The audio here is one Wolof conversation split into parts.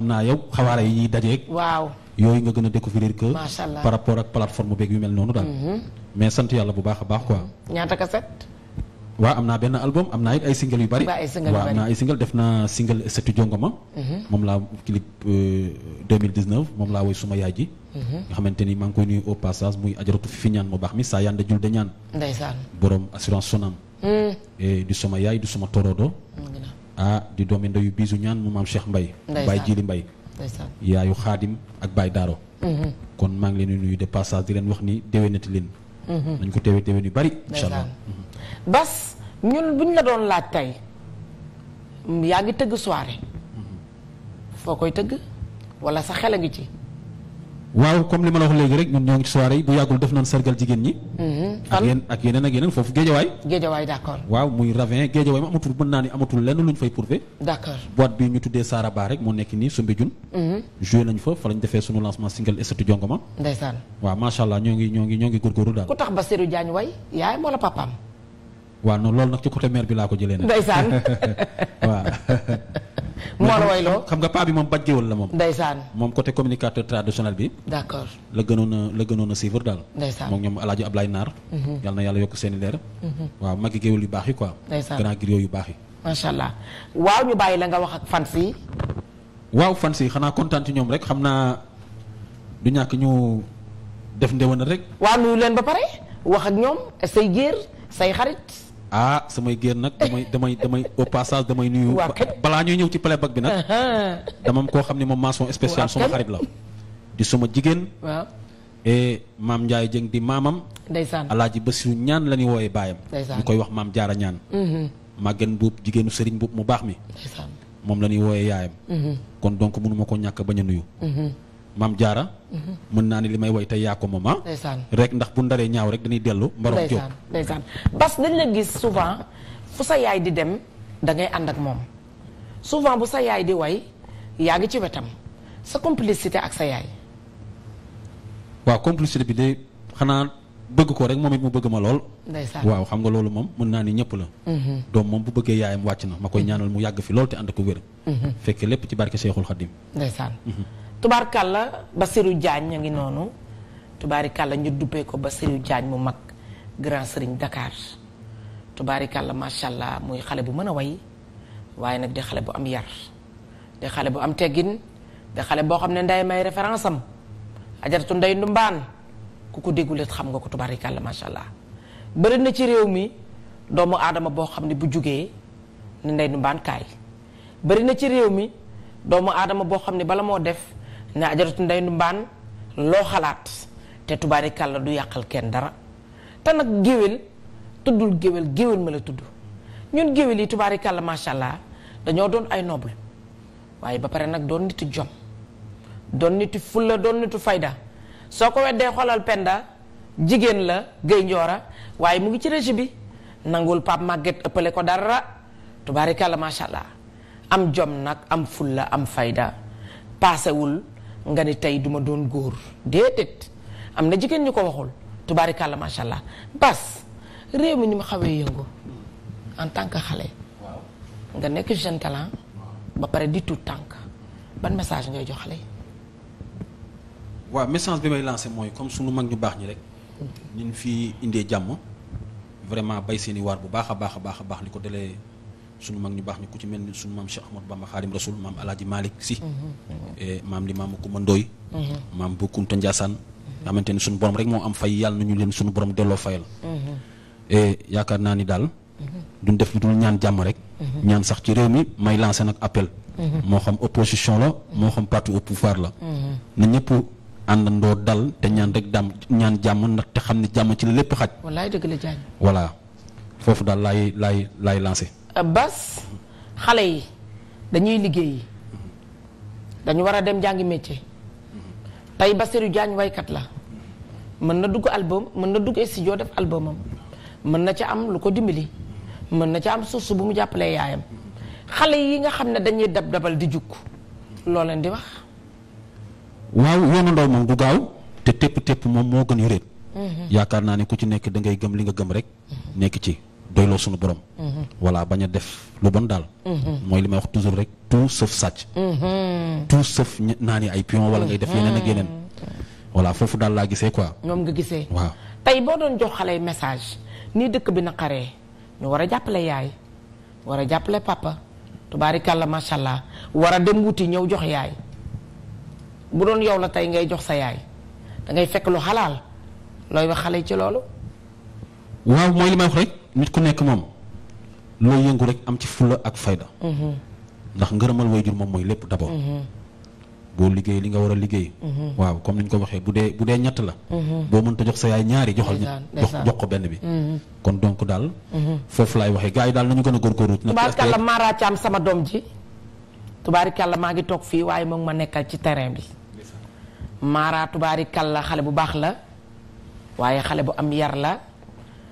xam naa yow xawaare yi ñuy dajeeg. waaw yooyu nga gën a découvrir que. macha allah par rapport ak plateforme beeg yu mel noonu daal. Mhm. mais sant yàlla bu baax a baax quoi. Mhm. ñaata cassette. waaw am naa benn album am naa it ay single yu bari. waaw ay single yu bari waaw am naa ay single def naa single setu jongoma. Mhm. moom laa clip euh, moom laa woy suma yaay ji. nga xamante ni maa koy nuyu au passage muy ajaratu fi ñaan mu baax mi saa yanda jul de ñaan. ndeysaan assurance sonam. du sama yaay du sama torodo. ah di doomi ndeyu biisu ñaan mu maam Cheikh Mbay Baay Jili Mbay yaayu xaadim ak Baay Daaro mm-hmm. kon maa ngi leen di nuyu de passage di leen wax ni déwénati leen dañ mm-hmm. ko teewee déwén yu bari incha allah bas ñun la doon laaj tey yaa ngi tëgg soirée mm-hmm. foo koy tëgg wala sa xel a ngi ci waaw comme li ma la wax léegi rek ñun ñoo ngi ci soirée yi bu yàggul def nañ sargal jigéen ñi. Mm-hmm. ak yeneen ak yeneen foofu géejawaay. géejawaay d' accord waaw muy ravin géejawaay ma amatul mën naa ni amatul lenn luñ fay prouvé. d' accord boîte bi ñu tuddee Saraba rek moo nekk nii Soumbédioune. Mm-hmm. joué nañ fa fa lañ defee sunu lancement single estatu jongoma. ndeysaan waaw macha allah ñoo ngi ñoo ngi ñoo ngi daal. ku tax Bassirou Diagne way yaay moo la papaam. waaw non loolu nag ci côté mère bi laa ko jëlee nag. ndeysaan. waaw. moo la wayloo xam nga paa bi moom baj géwël la moom. ndeysaan moom côté communicateur traditionnel bi. d'accord la gënoon la gënoon a suivre daal. ndeysaan moom ñoom El Hadj Ablaye Naar. Mhm. yàlla na yàlla yokk seen i leer. Mhm. waaw magi géwël yu baax yi quoi. ndeysaan grand yu baax yi. macha allah waaw ñu bàyyi la nga wax ak fans yi. waaw fans yi xanaa kontaan ci ñoom rek xam naa du ñàkk ñu def ndewanal rek. waaw nuyu leen ba pare wax ak ñoom say géer ah samay géer nag damay damay damay au passage damay nuyu. balaa ñuy ñëw ci playback bi nag. dama koo xam ne moom mention spéciale suma xarit la. di suma jigéen. waaw e maam Ndiaye Dieng di maamam. ndeysaan alaaji Bassirou ñaan la ñuy wooyee baayam. ñu koy wax maam jaara ñaan. Mm-hmm. màggen buub jigéenu sëriñ buub mu baax mi. moom la ñuy wooyee yaayam. Mm-hmm. kon donc mënuma koo ñàkk bañ a nuyu. Mm-hmm. maam jaara mën naa ni li may woy tey yaa ko moom ah. rek ndax bu ndaree ñaaw rek dañuy dellu mbarom jóg ndeysaan parce que dañ la gis souvent fu sa yaay di dem da ngay ànd ak moom souvent bu sa yaay di way yaa ngi ci wetam sa complicité ak sa yaay waaw complicité bi de xanaa bëgg ko rek moom it mu bëgg ma lool waaw xam nga loolu moom mën naa ni ñëpp la mm-hmm. doom moom bu bëggee yaayam wàcc na ma koy mm-hmm. ñaanal mu yàgg fi lool te ànd ko wér mm-hmm. fekke lépp ci barke Seexul Xadim tubaarkàlla Basirou Diagne a ngi noonu tubaarikàlla ñu duppee ko Basirou Diagne mu mag grand sëriñ Dakar tubaarikàlla macha allah muy xale bu mën a way waaye nag di xale bu am yar di xale bu am teggin di xale boo xam ne nday may référence am ajaratu nday ndumbaan ku ko déggulet xam nga ko tubaarikàlla macha allah bëri na ci réew mi doomu aadama boo xam ne bu jugee ne nday ndumbaan kaay bëri na ci réew mi doomu aadama boo xam ne bala moo def ne ajaratu nday mbaan loo xalaat te tubaarikàlla du yàqal kenn dara te nag géwél tuddul géwél géwél ma la tudd ñun géwél yi tubaarikàlla macha allah dañoo doon ay noble waaye ba pare nag doon nitu jom doon nitu fulla doon nitu fayda soo ko weddee xoolal penda jigéen la gay njoora waaye mu ngi ci régi bi nangul Pape Maguette ëppale ko dara tubaarikàlla macha allah am jom nag am fulla am fayda paasewul nga ni tey duma doon góor déedéet am na jigéen ñu ko waxul tubaarikàlla macha allah bas réew mi ni mu xawee yëngu en tant que xale nga nekk jeune ba pare di tout tànk ban message ngay jox xale yi waaw message bi may lancé mooy comme sunu mag ñu baax ñi rek mm-hmm. ñu fi indee jàmm vraiment bay seeni waar bu baax a baax a baax a baax li ko dalee sunu mag ñu baax ñu ku ci mel ni sunu maam Cheikh Ahmadou Bamba Xaadim Rasul maam Alaaji Malick Si mm-hmm. eh, maam li maam Kumba Ndooy mm-hmm. maam bu Kunta Njaasaan mm-hmm. xamante ni sunu borom rek moo am fay yàlla nañu leen sunu borom delloo fayal eh, yaakaar naa ni daal duñ def lu dul ñaan jàmm rek ñaan sax ci réew mi may lancé nag appel moo xam opposition la moo xam parti au pouvoir la na ñëpp àndandoo dal te ñaan rek dam ñaan jàmm ndax te xam ne jàmm ci la lépp xaj wallaay dëgg la voilà foofu daal laay laay laay bas xale yi dañuy liggéeyi dañu war a dem jàngi métier tey Bassirou Diagne waykat la mën na dugg album mën na dugg studio def albumam mën na ca am lu ko dimbali mën na ca am source bu mu jàppalee yaayam xale yi nga xam ne dañuy dab dabal di jukk loo leen di wax. waaw yoonu ndaw moom du gaaw te tépp tëpp moom moo gën a réet. Mhm. yaakaar naa ne ku ci nekk da gëm li nga gëm rek mhm. nekk ci. doyloo suñu borom. Mhm. voilà bañ a def lu bon daal. Mhm. mooy li may wax toujours rek tout sauf sàcc. Mhm. tout sauf naan yi ay pion wala ngay def yeneen ak yeneen. voilà foofu daal laa gisee quoi. ñoom nga gisee. waaw tey boo doon jox xale message nii dëkk bi naqaree ñu war a jàppale yaay war a jàppale papa tubaarikàlla macha allah war a dem wuti ñëw jox yaay bu doon yow la tey ngay jox sa yaay da ngay fekk lu xalaal looy wax xale ci loolu. waaw mooy li may wax rek. nit ku nekk moom looy yëngu rek am ci fulla ak fayda mhm. ndax ngërëmal waajur moom mooy lépp d'abord mhm. boo liggéey li nga war a liggéey mhm. waaw comme ni ñu ko waxee bu dee bu dee ñett la boo mënta jox sa yaay ñaari joxal jox jox ko benn bi kon donc daal foofu laay waxee gars yi daal nañu gën a góorgóorlu tubaarkàlla Mara Thiam sama doom ji tubaarkàlla maa ngi toog fii waaye moom ma nekkal ci terrain bi Mara la xale bu baax la waaye xale bu am yar la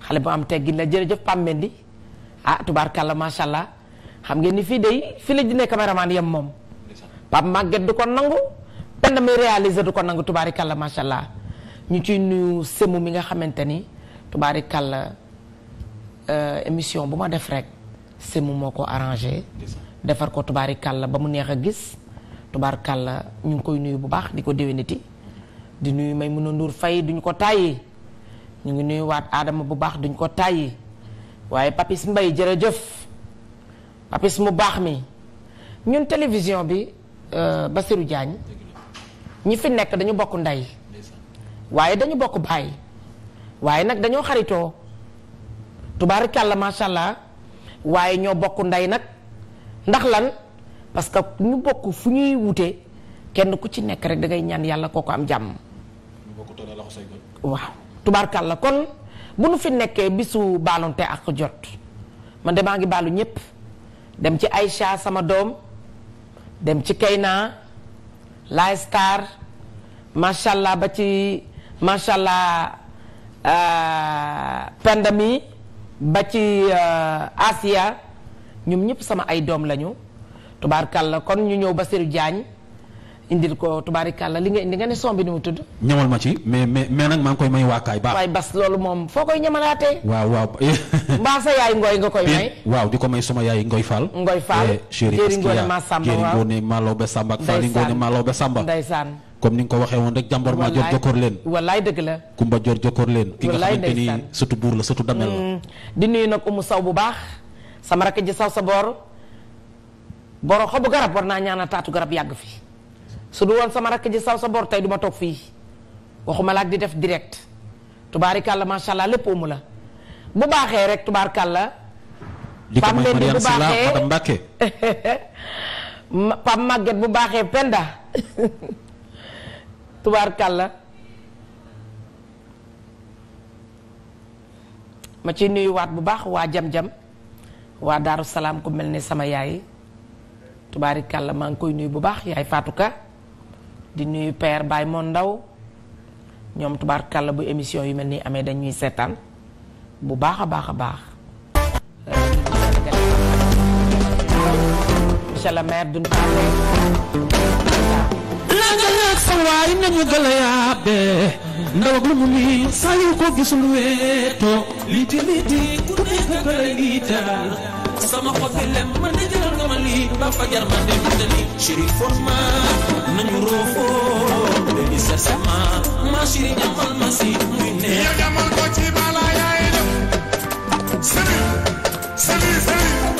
xale bu am teggin la jërëjëf Pam Mendy ah tubaar tubaarkàlla macha allah xam ngeen ni fii de fii la jinne caméraman yem moom. Pam Maguette du ko nangu. benn mi réaliser du ko nangu tubaarikàlla macha allah ñu ci nuyu semu mi nga xamante ni tubaarikàlla euh, émission bu ma def rek semu moo ko arrangé. defar ko tubaarikàlla ba mu neex a gis tubaar tubaarkàlla ñu ngi koy nuyu bu baax di ko déwéniti di nuyu Maimouna Ndour Faye duñu ko tàyyi ñu ngi nuyuwaat aadama bu baax duñ ko tàyyi waaye Papis Mbaye jërëjëf Papis mu baax mi ñun télévision bi euh, Basirou Diagne ñi fi nekk dañu bokk nday waaye dañu bokk baay waaye nag dañoo xaritoo tubaarikàlla macha allah waaye ñoo bokk nday nag ndax lan parce que ñu bokk fu ñuy wute kenn ku ci nekk rek da ngay ñaan yàlla koo ko am jàmm. waaw. la kon bu nu fi nekkee bisu balonte ak jot man demaa ngi baalu ñëpp dem ci ay Aïcha sama doom dem ci Kayna Laye Star macha allah ba ci macha allah euh, pandami ba ci euh, Asia ñoom ñëpp sama ay doom lañu la kon ñu ñëw ba Basirou Diagne. indil ko tubaarikàlla li nga indi nga ne son bi ni mu tudd. ñamal ma ci mais mais mais nag maa ngi koy may waa Kaay Ba. waay Bas loolu moom foo koy ñamalaatee. waaw waaw. mbaa sa yaay ngooy nga koy may. waaw di ko may sama yaay Ngoy Fall. Ngoy Fall chéri Ngoone ma Samba waaw Ngoone ma Lawbe Samba ak Fally Ngoone ma Lawbe Samba. ndeysaan. comme ni nga ko waxee woon rek jàmbar maa jor jokkoor leen wallaay dëgg la kumba jor jokkoor leen ki nga xamante ni surtout buur la surtout damel la mm. di nuyu nag umu saw bu baax sama rakk ji saw sa boor boro xobu garab war naa ñaanal taatu garab yàgg fi su du woon sama rakk ji saw sa bor tey du ma toog fii waxuma la ak di def direct tubaarikàlla macha allah lépp umu la bu baaxee rek tubaarkàlla. li ko mooy bu baaxee Penda tubaarkàlla ma ciy nuyuwaat bu baax waa jam jam waa Daaru Salaam ku mel ni sama yaay tubaarikàlla maa ngi koy nuyu bu baax yaay Fatou Ka. di nuyu père Baye Mon Ndaw ñoom tubaarkàlla bu émission yu mel nii amee dañuy seetaan bu baax a baax a baax. monsieur le maire duñ passé. laaj la ak sa lu mu nii saa yu ko gisul weetoo. lii di lii di ku nekk ko lay lii sama xol bi lem man de jëlal nga ma lii ba fajar ma dem. chéri forma nañu roofoo dañu seet sama ma chéri ñamal ma si muy ne yow ñamal ko ci bala yaay def salut salut salut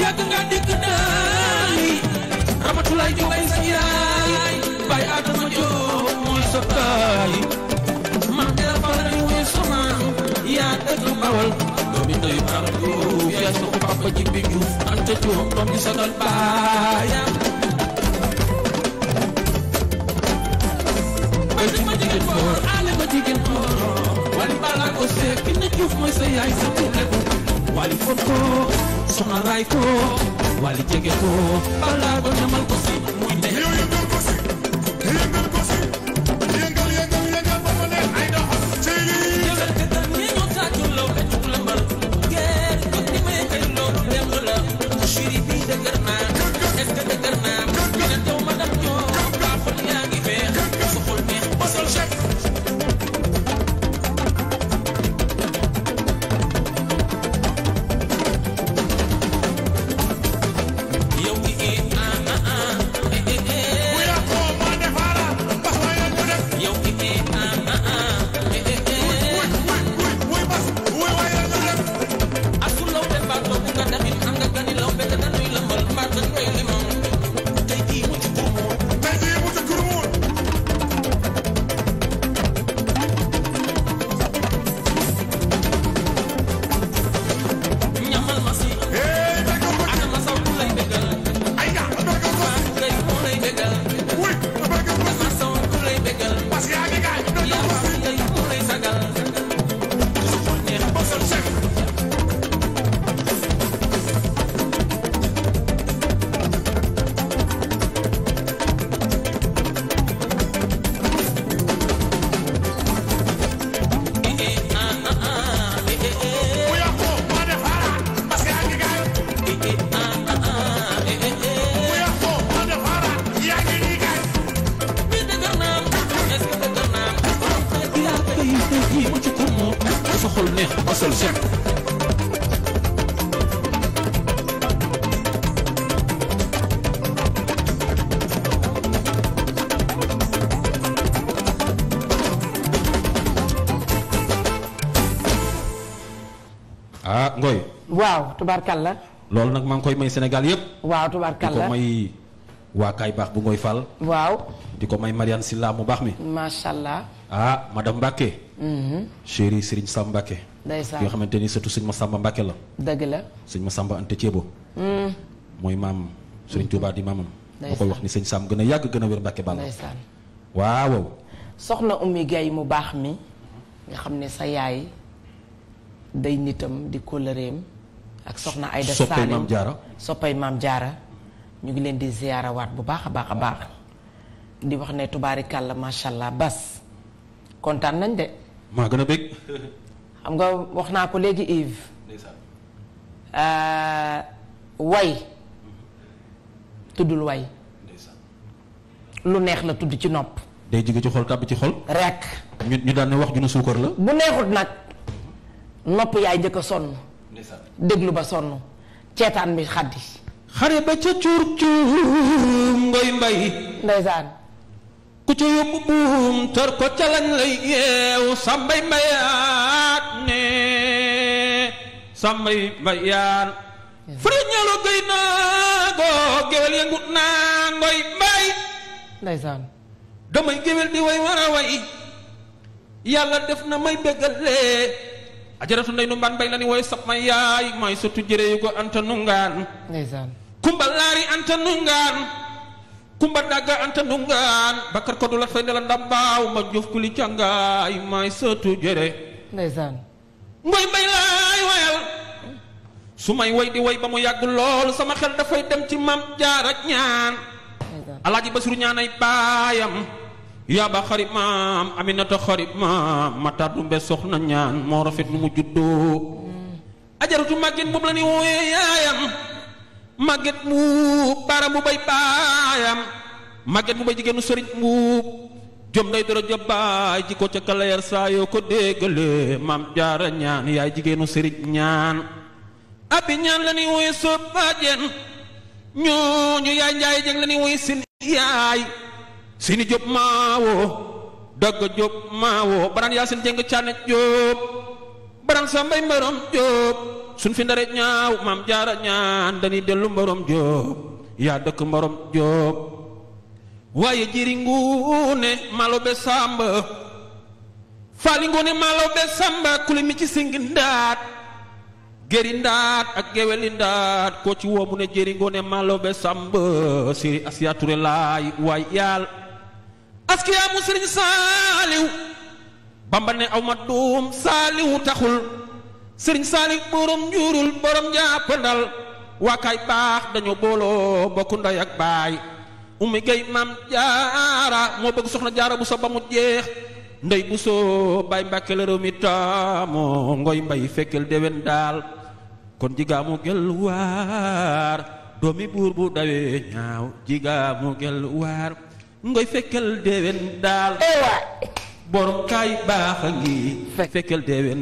yàgg nga dégg naa li Ramatulaay Joobay sa yaay bay Adama Joob mooy sa taay man de la fala di wéy sama yaa dëgg Bawol doomi ndeyu Mara Joob yaay sa ko papa Jimbi Juuf Anta Joob doom di sagal baayam bay di ma jigéen boor ale ma jigéen boor wali balaa ko seek ki ne Juuf mooy sa yaay sa tuule wali fof ko soxna ray ko wali jege ko balaa ko ñamal ko si muy ne. neex asal sepp ah Ngoy. waaw tubaarkalla. loolu nag maa ngi koy may Sénégal yëpp. waaw tubaarkalla di ko may waa Kaay baax bu Ngoy Fall. waaw di ko may Mariane Silla mu baax mi. macha allah. ah madame Mbacke. Mhm. chéri Serigne Sam Mbacke. ndeysaan yoo xamante ni surtout sëñ Masamba Mbacke la. dëgg la sëñ Masamba Anta Thiebo. Mm. mooy maam sëñ Touba di maamam. ndeysaan koy wax ni sëñ Sam gën a yàgg gën a wér Mbacke Balla. ndeysaan waaw. soxna Oumy Guèye mu baax mi nga xam ne sa yaay day nitam di kóllëreem ak soxna ay Salim soppay maam Diarra soppay maam Diarra ñu ngi leen di ziyaarawaat bu baax a baax a baax. di wax ne tubaari kàll macha allah bas kontaan nañ de. maa gën a bég. xam nga wax naa ko léegi Yves euh, way tuddul way lu neex la tudd ci nopp day jóge ci xol kàbb ci xol rek ñu ñu wax ju ne suukar la bu neexut nag nopp yaay njëkk a sonn déglu ba sonn ceetaan bi xaddi xare ba ca cuur cuur ngay mbay ndeysaan ku ca yóbbu buum tër ko ca lañ lay yeew sàmbay mbayaa ne samba yi mbay yaan fari ñelo gay naago géwél yëngut naa ngoy mbay damay géwél di way war a way yàlla def na may béggale ajaratu ndey nu mbaan mbay la ni woy sab ma yaay mooy sotu jëre yu ko anta nungaan ndeysaan kumba laari anta nungaan kumba dagga anta nungaan bakkar ko du lat fay ne la ndambaaw ma juuf kuli cangaay mooy sotu jëre mboy bay laay wayal su may woy di woy ba mu yàgg loolu sama xel dafay dem ci mam jaar ak ñaan alaaji basiru ñaan ay baayam yaaba xarit maam aminata xarit maam matar dumbe soxna ñaan moo rafet nu mu juddoo ajaratu màgget moom la ni wooyee yaayam màgget mu baara mu bay baayam màgget mu bay jigéenu sëriñ mu jom day doro jabbaay ji ko ca kaleer saa yoo ko déggale maam jaara ñaan yaay jigéenu sëriñ ñaan abi ñaan la ni wuy sóot baajen yaay njaay jëng la ni yaay sini jóob maawoo dagg jóob maawoo baraan yaa sin jëng caane jóob baraan saa mbay mbaroom jóob sun fi ndare ñaaw maam jaara ñaan dañuy dellu mbaroom jóob yaa dëkk mbaroom jóob waaye jëri nguune malo be samba faali nguune malo be samba kule mi ci singi ndaat géri ndaat ak geweli ndaat ko ci woo ne jëri nguune malo be samba siri Asiya Ture laay waay yàlla sëriñ saaliw bamba ne aw ma duum saaliw taxul sëriñ saaliw borom njuurul borom jàppandal waa baax dañoo booloo bokku ndey ak baay ummi gay maam jaara moo bëgg soxna jaara bu sa ba mu jeex ndey bu soo bay mbàkke la mi taamoo ngoy mbay fekkel déwén daal kon jigaamu gel waar doomi buur bu dawee ñaaw jigaamu gel waar ngoy fekkel déwén daal borom kaay baax a ngi fekkel déwén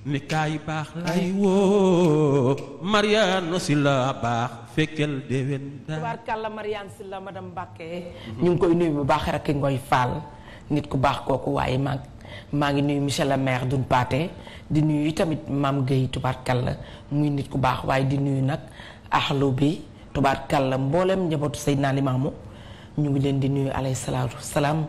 ni kaay baax lay woo Mariano Sylla baax fekkel déwén daal tubaarkàlla Mariano Sylla madame ñu ngi koy nuyu bu baax rek ngoy Fall nit ku baax kooku waaye maa maa ngi nuyu monsieur le maire dun paate di nuyu tamit maam Guèye tubaarkàlla muy nit ku baax waaye di nuyu nag axlu bi tubaarkàlla mboolem njabootu Seydina Limaamu ñu ngi leen di nuyu alayhi salaatu salaam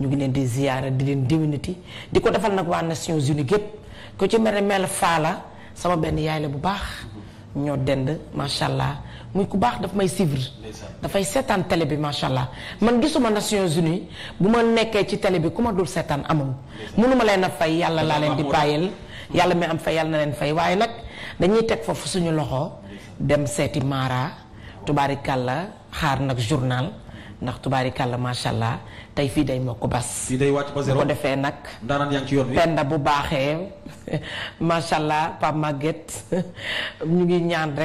ñu ngi leen di ziyaara di leen déwénati di ko defal nag waa Nations Unies gépp ku ci mel ne mel faala sama benn yaay la bu baax ñoo dend macha allah muy ku baax daf may suivre dafay seetaan télé bi macha allah man gisuma Nations Unies bu ma nekkee ci tele bi ku ma dul seetaan amul mënuma leen a fay yàlla laa leen di bàyyil yàlla mi am fay yàlla na leen fay waaye nag dañuy teg foofu suñu loxo dem seeti Mara tubaarikàlla xaar nag journal ndax tubaarikàlla macha allah tey fii day moo ko bas. fii day wàcc ba zéro ko defee nag. daanaka yaa ngi yoon bi penda bu baaxee macha allah Pape Maguette ñu ngi ñaan rek.